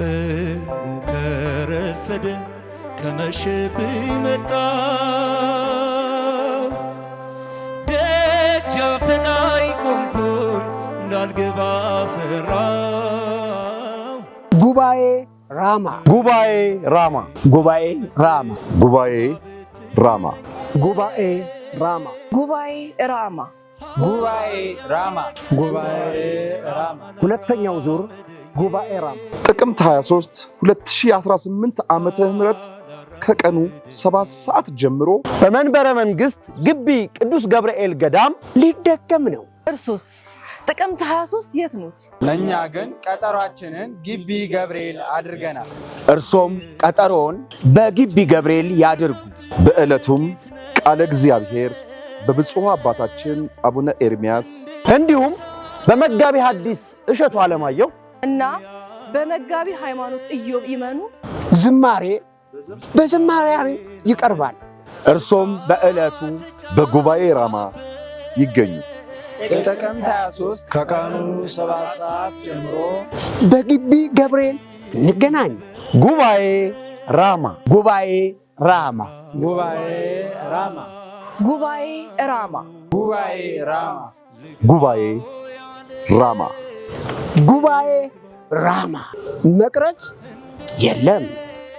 ቀኑ ከረፈደ ከመሸብኝ መጣ ደጃፍ ላይ ቆምኩኝ እንዳልገባ ፈራው። ጉባኤ ራማ ጉባኤ ራማ ጉባኤ ራማ ጉባኤ ራማ ጉባኤ ራማ ጉባኤ ራማ ጉባኤ ራማ ጉባኤ ራማ ሁለተኛው ዙር ጉባኤ ራም ጥቅምት 23 2018 ዓመተ ምህረት ከቀኑ 7 ሰዓት ጀምሮ በመንበረ መንግስት ግቢ ቅዱስ ገብርኤል ገዳም ሊደገም ነው። እርሱስ ጥቅምት 23 የት ኖት? እኛ ግን ቀጠሯችንን ግቢ ገብርኤል አድርገናል። እርሶም ቀጠሮውን በግቢ ገብርኤል ያድርጉ። በዕለቱም ቃለ እግዚአብሔር በብፁሕ አባታችን አቡነ ኤርሚያስ እንዲሁም በመጋቢ ሐዲስ እሸቱ ዓለማየሁ እና በመጋቢ ሃይማኖት ኢዮብ ይመኑ ዝማሬ በዝማሬ ይቀርባል። እርሶም በዕለቱ በጉባኤ ራማ ይገኙ። ጥቅምት 23 ከቀኑ 7 ሰዓት ጀምሮ በግቢ ገብርኤል እንገናኝ። ጉባኤ ራማ፣ ጉባኤ ራማ፣ ጉባኤ ራማ፣ ጉባኤ ራማ፣ ጉባኤ ራማ፣ ጉባኤ ራማ፣ ጉባኤ ራማ መቅረጽ የለም።